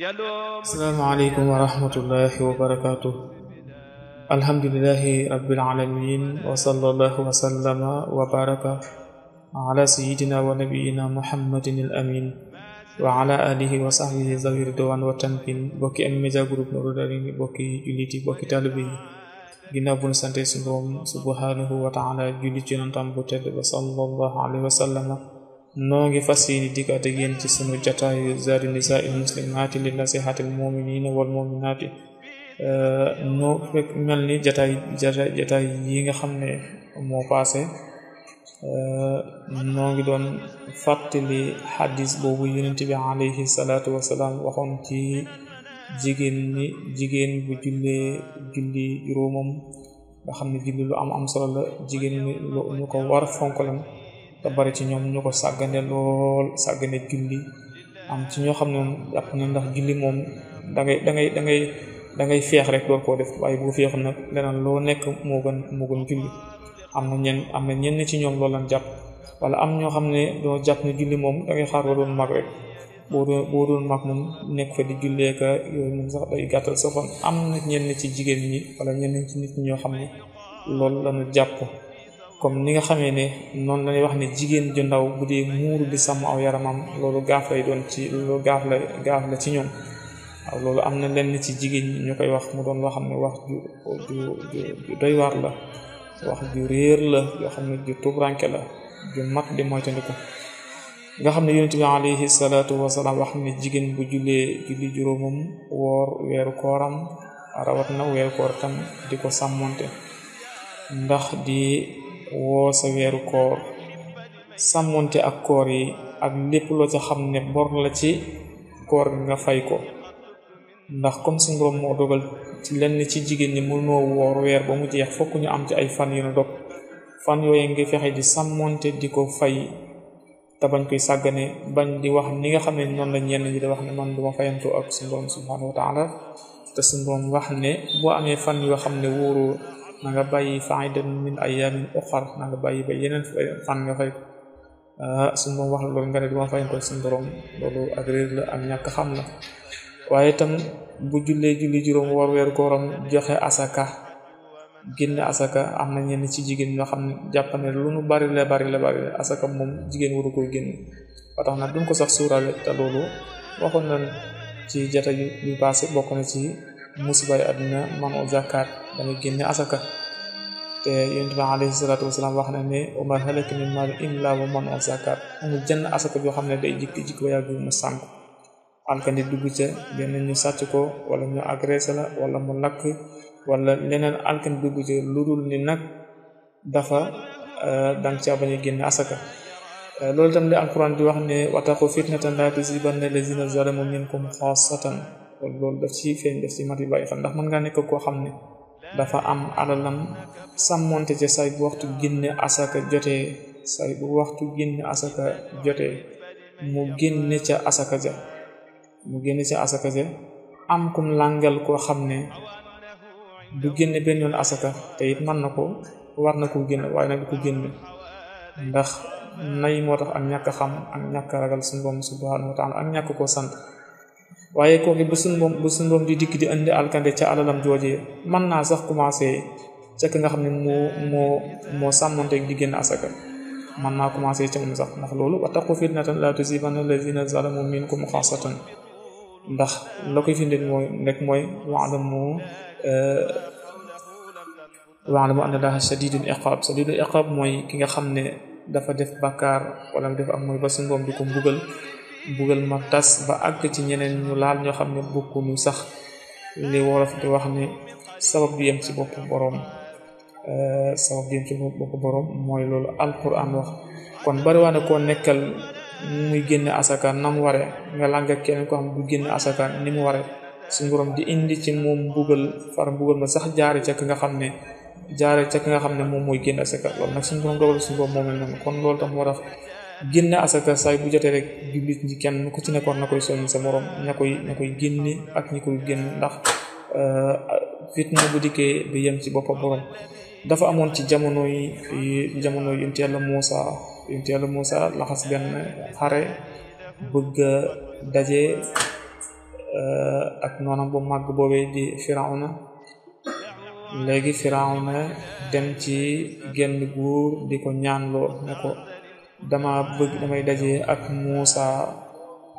asalaamaaleykum wa rahmatullahi wa barakaatu alhamdulilahi rabbil alamin wa sallallahu wa sallama wa baraka ala sayidina wa nabiyina muhammadin al amin wa ala alihi wa sahbihi zawi ridwan wa tamkin bokki M-Media Group Nourou Darayni bokki jullit yi bokki taalibe yi ginnaaw bu ñu sante suñu Boroom subhanahu wa taala julli ci yonentam bu tedd ba sallallahu alayhi wa sallama noo ngi fas yi dikkaat ak ci sunu jataayu zaadu nisaa il muslimaati li nasihaati al muminina wal muminaati noo fekk mel ni jataay jataay yi nga xam ne moo paase noo ngi doon fàttali xadis boobu yonent bi alayhi salaatu wasalaam waxoon ci jigéen jigéen bu jullee julli xam ne julli lu am am solo la jigéen ñi lu ñu ko war fonk lam te bari ci ñoom ñu ko sàggane lool sàggane julli am ci ñoo xam ne jàpp na ndax julli moom da ngay da ngay da ngay da rek door koo def waaye boo feexul nag leneen loo nekk moo gën moo gën julli am na ñenn am na ñenn ci ñoom loolu lañ jàpp wala am ñoo xam ne doo jàpp ne julli moom da ngay xaar ba doon mag rek boo doon boo mag moom nekk fa di julleeka yooyu moom sax day gàttal sa fan am na ñenn ci jigéen ñi wala ñenn ci nit ñoo xam ne loolu lañu jàpp comme ni nga xamee ne noonu lañuy wax ne jigéen ju ndaw bu dee muuru di sàmm aw yaramam loolu gaaf lay doon ci loolu gaaf la gaaf la ci ñoom waaw loolu am na lenn ci jigéen ñi ñu koy wax mu doon loo xam ne wax ju doy waar la wax ju réer la yoo xam ne ju tubranke la ju mat di moytandiku nga xam ne yonent bi alayhi salaatu wasalaam wax ne jigéen bu jullee julli juróomam woor weeru kooram rawat na weeru koor tam di ko sàmmonte ndax di woo sa weeru koor sàmmonte ak koor yi ak lépp loo ca xam ne bor la ci koor gi nga fay ko ndax comme suñ borom moo dogal ci lenn ci jigéen ñi mënoo woor weer ba mu jeex fokk ñu am ci ay fan yu na dog fan yooyu ngi fexe di sàmmonte di ko fay ta bañ koy sàggane bañ di wax ni nga xam ne noonu la ñenn ñi di wax ne man duma fayantoo ak suñ borom subhanahu wa taala wax ne boo amee fan yoo xam ne wóoroo na nga bàyyi fa'idan min ayamin uxar na nga bàyyi ba yeneen fan nga fay ko ah, wax la loolu nga ne duma fay ko suñu loolu ak la ak ñàkk xam la waaye tam bu jullee julli juróom war weer kooram joxe asaka génne asaka am na ñenn ci jigéen ñoo xam ne jàpp ne lu nu bari la bari la bari la asaka moom jigéen waru koy génn ba tax na duñ ko sax suurale te loolu waxoon nañ ci jata yu paase bokk na ci musibay àddina manul zakat da nga génne asaka te yonent bi alayhi salaatu wasalaam wax na ne wa maa halaka min maalin illaa wa asaka joo xam ne day jikki jikki ba yàgg mu sànk alkandi dugg ca benn ñu sàcc ko wala ñu agressé la wala mu lakk wala leneen alkandi dugg ca lu dul ni nag dafa euh, danga caa bañ a génne asaka loolu tam li alquran di wax ne wattaqu fitnatan laa tusiibanna lazina zalamu minkum xaassatan kon loolu daf ci feeñ daf ci mat yi bàyyi ndax mën ngaa nekk ko xam ne dafa am alalam sàmmonte ca say bu waxtu génne asaka jotee say bu waxtu génne asaka jotee mu génne ca asaka mu génne ca asaka ja am kum langal koo xam ne du génne benn yoon asaka te it mën na ko war na koo génne waaye nag du ko génne ndax nay moo tax ak ñàkk xam ak ñàkk ragal suñu borom subhanahu wa taala ak ñàkk koo sant waaye kooku bu suñ moom bu suñ moom di dikk di indi alkande ca alalam jooje man naa sax commencé ca ki nga xam ne moo moo moo sàmmonteeg di génn asaka man naa commencé ca moom ndax loolu wattaqu fitnatan la tusibanna allazina zalamu minkum xaasatan ndax la koy firndeel mooy rek mooy waalamu eh, waalamu anna allaha shadidul iqab shadidul iqab mooy ki nga xam ne dafa def bakkaar wala mu def ak mooy ba suñ di ko mbugal mbugal ma tas ba àgg ci ñeneen ñu laal ñoo xam ne bokkuñu sax li wolof di wax ne sabab du ci bopp boroom euh, sabab du yem ci bopp boroom mooy loolu alquran wax kon bariwaane koo nekkal muy génne asaka na mu ware nga lànga keneen ko xam du génne asaka ni mu ware suñ boroom di indi ci moom mbugal far mbugal ma sax jaare ca ki nga xam ne jaare ca ki nga xam ne moom mooy génne asaka loolu nag suñ boroom dogal suñ boroom moomel kon loolu tax moo génne asaka saay bu jotee rek jullit ñi kenn ku ci nekkoon na koy soññ sa morom ña koy ña koy génne ak ñi koy génn ndax euh, fitna bu dikkee du yem ci boppa borom dafa amoon ci jamono yi jamono yu yonentu Yàlla Muusa yonentu Yàlla Muusa laxas benn xare bëgg a euh, ak noonam bu màgg boobee di na léegi Firawna dem ci génn góor di ko ñaanloo ne dama bëgg damay daje ak Muusa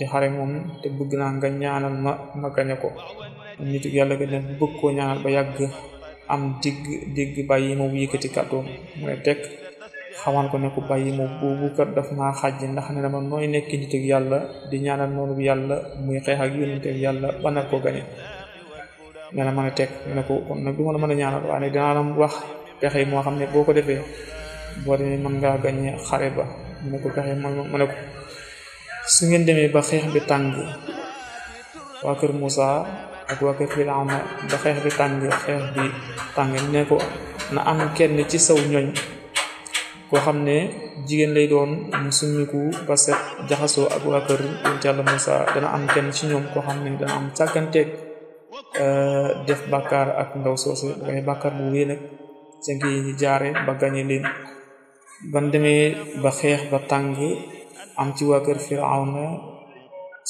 di xare moom te bëgg naa nga ñaanal ma ma gañe ko nitu yàlla ga dina bëgg koo ñaanal ba yàgg am digg yi moom ma bu yëkkati kàddoom mu ne ko ne ko bàyyi ma boobu kat daf maa ne dama nooy nekk nitu yàlla di ñaanal noonu yàlla muy xeex ak yónnente yàlla ba nar koo gañe nee na mën a ne ko kon du ma la mën a ñaanal waaye nag dinaa wax pexe yi moo xam ne boo ko defee boo demee mën ngaa gañe xare ba mu ne ko pexe ma mu su ngeen demee ba xeex bi tàng waa kër Moussa ak waa kër Firawna ba xeex bi tàng xeex bi tàng ne ko na am kenn ci saw ñoñ koo xam ne jigéen lay doon mu summiku ba set jaxasoo ak waa kër yonent Yàlla dana am kenn ci ñoom koo xam ne dana am càgganteeg euh, def bàkkaar ak ndaw soosu waaye bàkkaar bu wéy nag ca ngi jaare ba gañe ban demee ba xeex ba tàng am ci waa kër firawna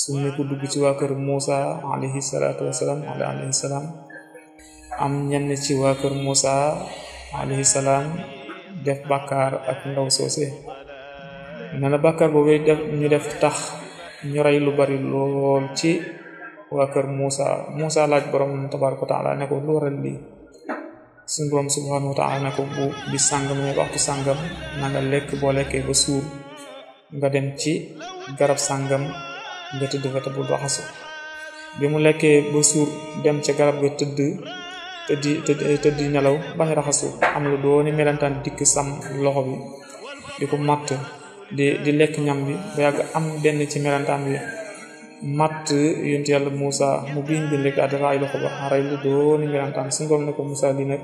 suñu ko dugg ci waa kër Muusa alayhi salaatu wasalaam ala am ñenn ci waa kër Muusa alayhi salaam def bàkkaar ak ndaw soose nee na bàkkaar boobu ñu def tax ñu rey lu bari lool ci waa kër Muusa Muusa laaj borom tabaaraka wa taala ne ko lu waral lii suñu borom subhanahu wa taala ko bu bi sàngam ne sàngam na lekk boo lekkee ba suur nga dem ci garab sàngam nga tëdd fa te bul baxasu bi mu lekkee ba suur dem ci garab ga tëdd tëdd tëddi nelaw bañ raxasu am lu dooni melentaan dikk sam loxo bi di ko matt di lekk ñam bi ba yàgg am benn ci melentaan bi matt yonent yàlla Moussa mu biiñ bind rek àddara ay loxo ba xaaral lu dooni melentaan suñu ne ko Moussa lii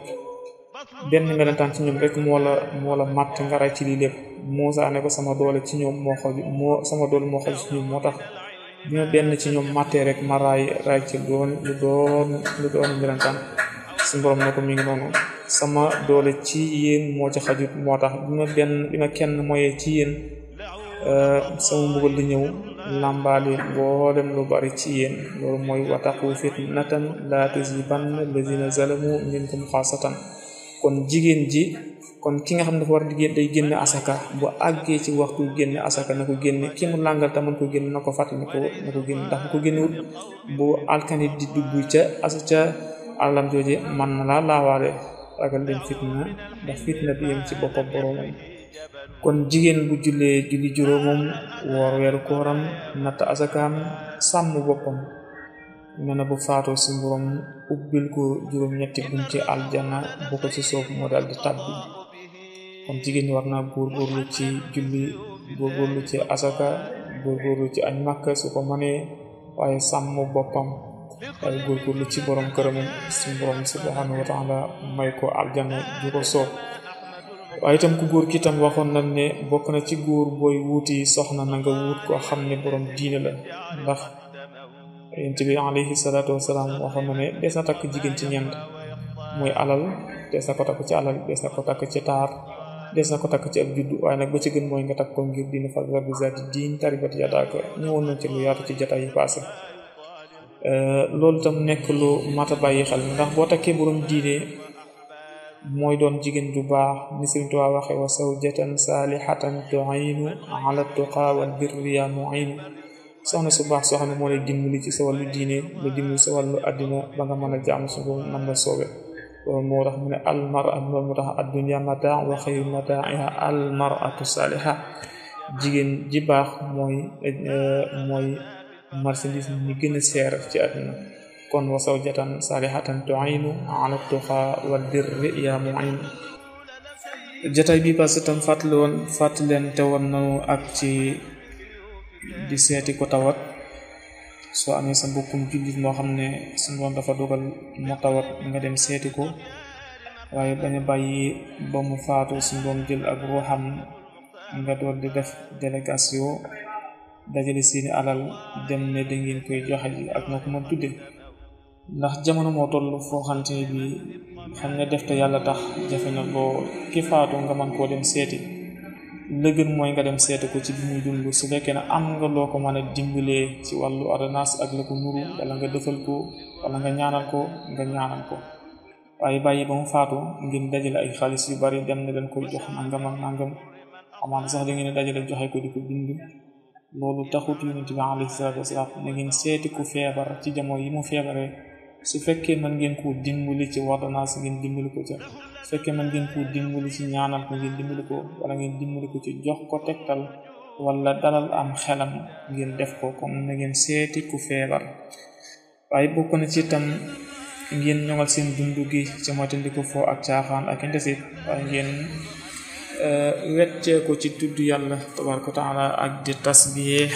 benn melentaan ci rek moo la moo la ci lii lépp Moussa ne ko sama doole ci ñoom moo xoj moo sama doole moo xoj ci ñoom moo tax benn ci ñoom mattee rek ma raay raay lu doon lu doon melentaan suñu borom ne ko mi noonu sama doole ci yéen moo ci xajut moo tax bi ma benn bi ma kenn moyee ci yéen. Eh, sama mbugal di ñëw làmbaale mboolem lu bari ci yéen loolu mooy wataqu fitnatan la tusibanna alladina zalamu minkum xaasatan kon jigéen ji kon ki nga xam ne dafa war di day génne asaka bu àggee ci waxtu génne asaka na ko génne ki mu làngal taman ko génne na ko fàttali ko na ko génne ndax ko génnewut bu alkani di dugg ca as ca àllam man na laa laawaale ragal leen fitna ndax fitna du yem ci boppam boroomam kon jigéen bu jullee julli juróomam woor weeru kooram natt asakaam sàmm boppam nee na bu faatoo si mborom ko juróom-ñetti ci aljana bu ci soof moo daal di tàbbi kon jigéen ñi war naa góorgóorlu ci julli góorgóorlu ci asaka góorgóorlu ci añ màkk su ko mënee waaye sàmm boppam waaye góorgóorlu ci borom këramam si borom subhanahu wa may ko aljana ju ko soof waaye itam ku góor ki tam waxoon na ne bokk na ci góor booy wuuti soxna na nga wuut koo xam ne borom diine la ndax yonent bi alayhi salaatu wasalaam waxoon na ne des na takk jigéen ci ñent mooy alal des na ko takk ci alal des na ko takk ci taar des ko takk ci ab juddu waaye nag ba ci gën mooy nga takk ko ngir diine fal rabbi zaati diin tarifat yadaaka ñëwoon nañ ci lu yaatu ci jataay yi passé loolu tam nekk lu mat a bàyyi xel ndax boo takkee borom diine mooy doon jigéen ju baax ni Sëriñ Tuubaa waxe wa zawjatan saalihatan tu'inu ala tuqa wal birri ya mu'inu soxna su baax soo ne moo lay dimbali ci sa wàllu diine la dimbali sa wàllu addina ba nga mën a jaam su ko nam la soobe moo tax mu ne al mar'a loolu moo mar'atu saaliha jigéen ji mooy mooy marchandise gën a seer ci àdduna kon wa zawjatan salihatan tu'inu ala tuqa wa dirri ya mu'in jataay bi parce que tam fàttali woon fàttalente woon nanu ak ci di seeti ko tawat soo amee sa mbokkum jullit moo xam ne suñu dafa dogal mu tawat nga dem seeti ko waaye bañ a bàyyi ba mu faatu suñu doom jël ak ruuxam nga door di def délégation dajale seeni alal dem ne da koy joxe ak na tudde ndax jamono moo toll foo xamante ni bii xam ne def te yàlla tax jafe na boo ki faatu nga mën koo dem seeti la gën mooy nga dem seeti ko ci bi muy dund su fekkee ne am nga loo ko mën a dimbalee ci wàllu adanaas ak ko nuru wala nga defal ko wala ko nga ñaanal ko bàyyi ba mu faatu ngeen ay xaalis yu bari dem ne leen koy jox nangam ak nangam amaan sax da ngeen dajale joxe ko di bi alayhi salaatu wasalaam seeti ku feebar ci jamono yi mu feebaree su fekkee man ngeen koo dimbali ci ordonnance ngeen dimbali ko ca su fekkee mën ngeen koo dimbali ci ñaanal ko ngeen dimbali ko wala ngeen dimbali ko ci jox ko tegtal wala dalal am xelam ngeen def ko comme na ngeen seeti ku feebar waaye bokk na ci itam ngeen ñoŋal seen dund gi ci moytandiku fo ak caaxaan ak indesit waaye ngeen Euh, wecceeku ci tudd yàlla tabaraka wa taala ak di tasbiix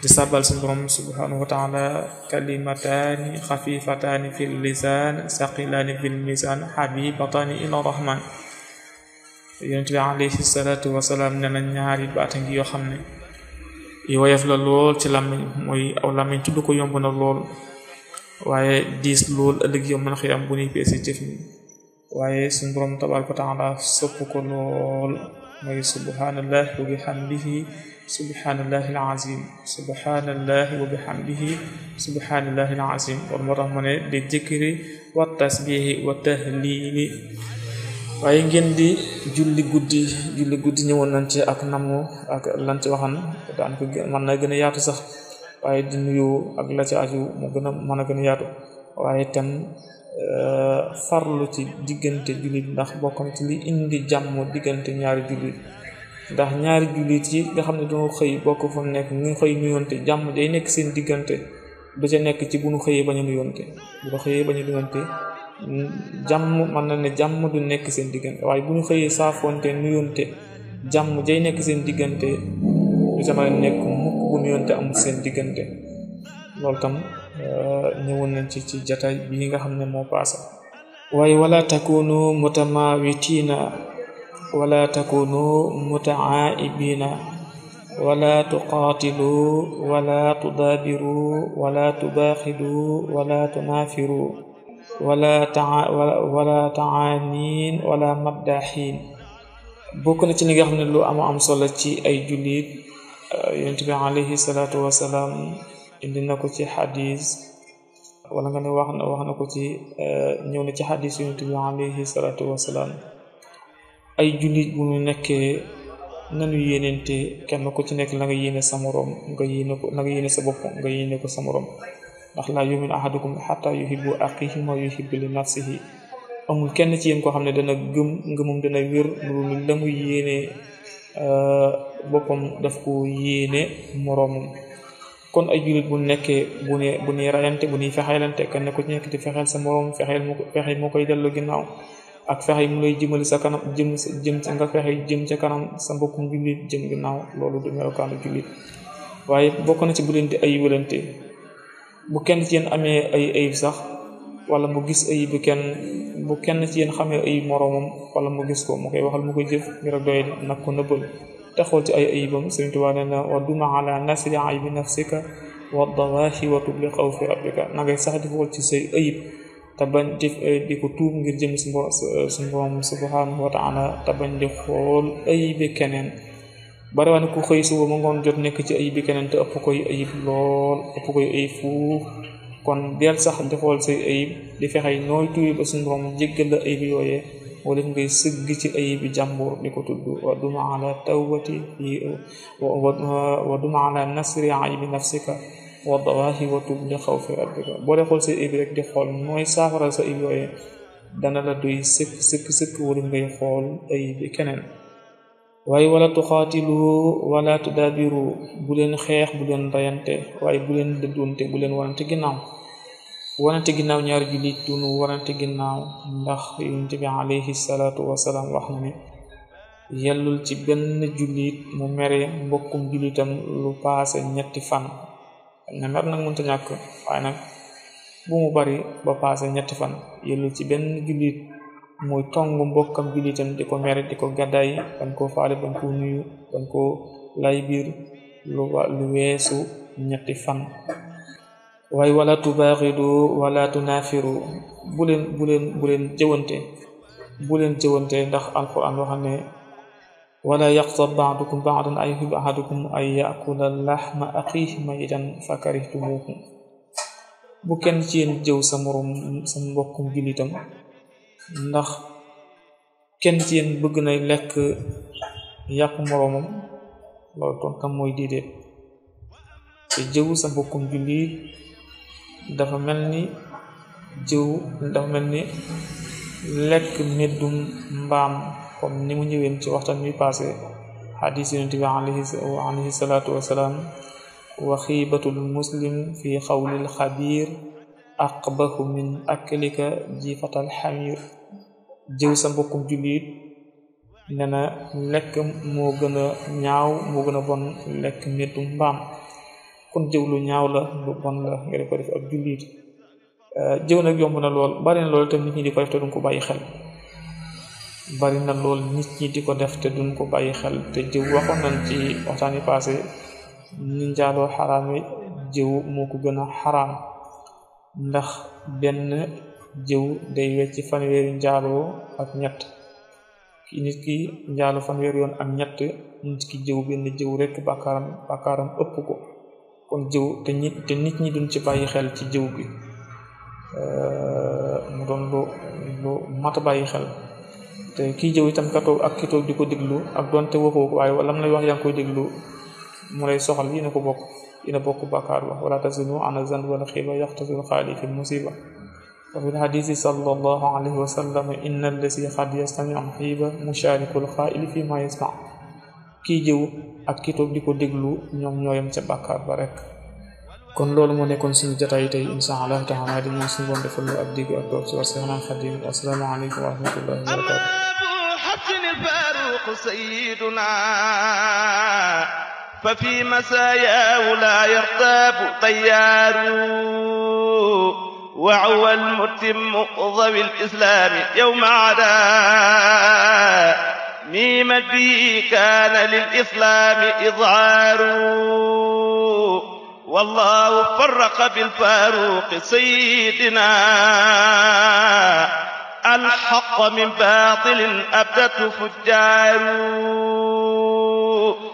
di sabal suñu borom subhanahu wa taala kalimataani xafifataani fi lisaan saqilaani fi misaan xabibataani ila rahman yonent bi ñaari baata yoo xam ne la lool ci làmmiñ mooy aw làmmiñ tudd ko yomb na lool waaye diis lool ëllëg yow mën xiyam bu ñuy peesi jëf ñi waaye suñu borom tabaraka wa taala sopp ko lool mooy subhanallahi wa bihamdihi subhanallahi alazim subhanallahi wa bihamdihi subhanallahi alazim kon moo tax mu ne di wa tasbihi wa tahlili waaye ngeen di julli guddi julli guddi ñëwoon nañ ci ak namu ak lan ci waxan daan mën na gën a yaatu sax waaye di nuyu ak la ci aju gën a mën a gën yaatu waaye tam Euh, farlu ci diggante jullit ndax bokkam ci li indi jàmm diggante ñaari jullit ndax ñaari jullit yi nga xam ne doo xëy bokk fa mu nekk ñu xëy nuyonte jàmm day nekk seen diggante du ca nekk ci bu xëyee bañ a nuyonte bu xëyee bañ a nuyonte jàmm mën na ne jàmm du nekk seen diggante waaye bu ñu xëyee saafoonte nuyonte jàmm jay nekk seen diggante du ca mën a nekk mukk bu nuyonte amul seen diggante loolu tam Euh, ñëwoon nañ ci ci jataay bii nga xam ne moo paasa wala takunu mutamawitiina wala takunu mutaaibina wala tuqaatilu wala tudaabiru wala tubaaxidu wala tunaafiru wala taa wala taanin wala maddaxiin bokk na ci li nga xam ne lu am am solo ci ay jullit euh, yonent bi alayhi salaatu wasalaam indi na ko ci xadis wala nga ne wax na wax na ko ci eh, ñëw na ci xadis yonent bi alayhi salaatu ay jullit bu ñu nekkee nanu yéenente kenn ku ci nekk la nga sa moroom nga yéene ko la nga yéene sa bopp nga yéene ko sa moroom ndax laa yumin ahadukum xata yuhibbu aqihi ma yuhibbu li nafsihi amul kenn ci yéen koo xam ne dana gëm ngëmum dana wér lu la mu yéene eh, boppam daf ko yéene moroomam kon ay jullit bu nekkee bu ne bu ñuy rayante bu ñuy fexeelante kenn ku ci nekk di fexeel sa moroom fexeel mu fexe mu koy dellu ginnaaw ak fexe mu lay jimali sa kanam jëm jëm sa nga fexe jëm ca kanam sa mbokkum jullit jëm ginnaaw loolu du melokaanu jullit waaye bokk na ci bu leen di ay wëlante bu kenn ci yéen amee ay ayib sax wala mu gis ayib kenn bu kenn ci yéen xamee ay moroomam wala mu gis ko mu koy waxal mu koy jëf ngir doy nag ko nëbbal te xool ci ay ayibam Sëriñ Tuubaa nee na wadduma ala nasri aybi nafsika waddawaahi watub li xaw fi rabbika na ngay sax di xool ci say ayib te bañ di di ngir jëm si mbo suñ borom subhanahu wa bañ di xool ayibi keneen bari waa ne ku xëy suba mu ngoon jot nekk ci ayibi keneen te ëpp koy ayib lool ëpp koy ayib fuuf kon del sax di xool say ayib di fexey nooy tuubi ba suñ borom ayib yooyee walif ngay sëgg ci ayibi jàmbur di ko tudd wa duma ala tawbati fi ala nasri ayibi nafsika wa dawahi wa tub li xawfi rabbika boo dee xool sa ayib rek di xool mooy saafara sa ayib yooye dana la doy sëkk sëkk sëkk walif xool ayibi keneen waaye wala tuxaatilu wala tudaabiru bu leen xeex bu leen rayante waaye bu leen dëddunte bu leen wanante ginnaaw wanante ginnaaw ñaari jullit dunu wanante ginnaaw ndax yonent bi alayhi salaatu wasalaam wax na ne yellul ci benn jullit mu mere mbokkum jullitam lu paase ñetti fan na mer nag mënta ñàkk waaye bu mu bari ba paase ñetti fan yellul ci benn jullit muy tong mbokkam jullitam di ko mere di ko gàddaay bañ koo faale bañ koo nuyu bañ koo lay lu weesu ñetti fan waaye wala tubaaxidu wala tunaafiru bu leen bu leen leen jëwante bu jëwante ndax alquran wax ne wala yaxtab baadukum baadan ay yuhibbu ahadukum ay yakula laxma axiihi mayitan fa karihtumuuhu bu kenn ci yéen jëw sa morom sa mbokkum jullitam ndax kenn ci yen bëgg na lekk yàqu moroomam loolu tontam mooy déedéet te jëw sa mbokkum jullit dafa mel ni jiw dafa mel ni lekk meddum mbaam comme ni mu ñëween ci waxtaan wi passé xadis yonent bi alayhi salaatu wasalaam wa xiibatul muslim fi xawlil xabiir aqbahu min aklika jifatal xamir jëw sa mbokkum jullit nee lekk moo gën a ñaaw moo gën bon lekk meddum mbaam kon jëw lu ñaaw la lu bon la nga di ko def ab jullit euh, jëw nag yomb na lool bari lool tam nit ñi di ko def te duñ ko bàyyi xel bari lool nit ñi ko def te duñ ko bàyyi xel te jëw waxoon nañ ci waxtaan yi passé ni njaaloo xaraame jëw moo ko gën a ndax benn jëw day wecc fanweeri njaaloo ak ñett ki nit ki njaaloo fanweer ak ñett ki jëw benn jëw rek bàkkaaram bàkkaaram ëpp ko kon jëw te nit te nit ñi duñ ci bàyyi xel ci jëw bi euh, mu doon lu lu mat a bàyyi xel te kii jëw itam ka toog ak kito di ko déglu ak doonte te ko waaye lam lay wax yaa ngi koy déglu mu lay soxal yi na ko bokk yi na bokk bàkkaar ba wala tasinu ana zan wala xiba yaxtasil xaali fi musiba wa fi lxadisi sallallahu alayhi wa sallam inna allasi qad yastamiu xiba musharikul xaali fi ma yasmaa kii jëw ak ki toog di ko déglu ñoom ñooyam ca bàkkaar ba rek kon loolu moo nekkoon suñu jotaay tey insha allah taala di ñaan suñu borom defal lu ak diggu ak toog ci war Seexna Xadim assalaamu aleykum wa rahmatullahi wa barakaatu حفظ الفاروق سيدنا ففي مساياه لا يرتاب طيار وعوى المتم ذوي الإسلام يوم عدا niimat bi kaana lil islaami izhaaru wallaahu farraqa bil faaruqi sayyidina al haqq min baatilin abdatu fujjaaru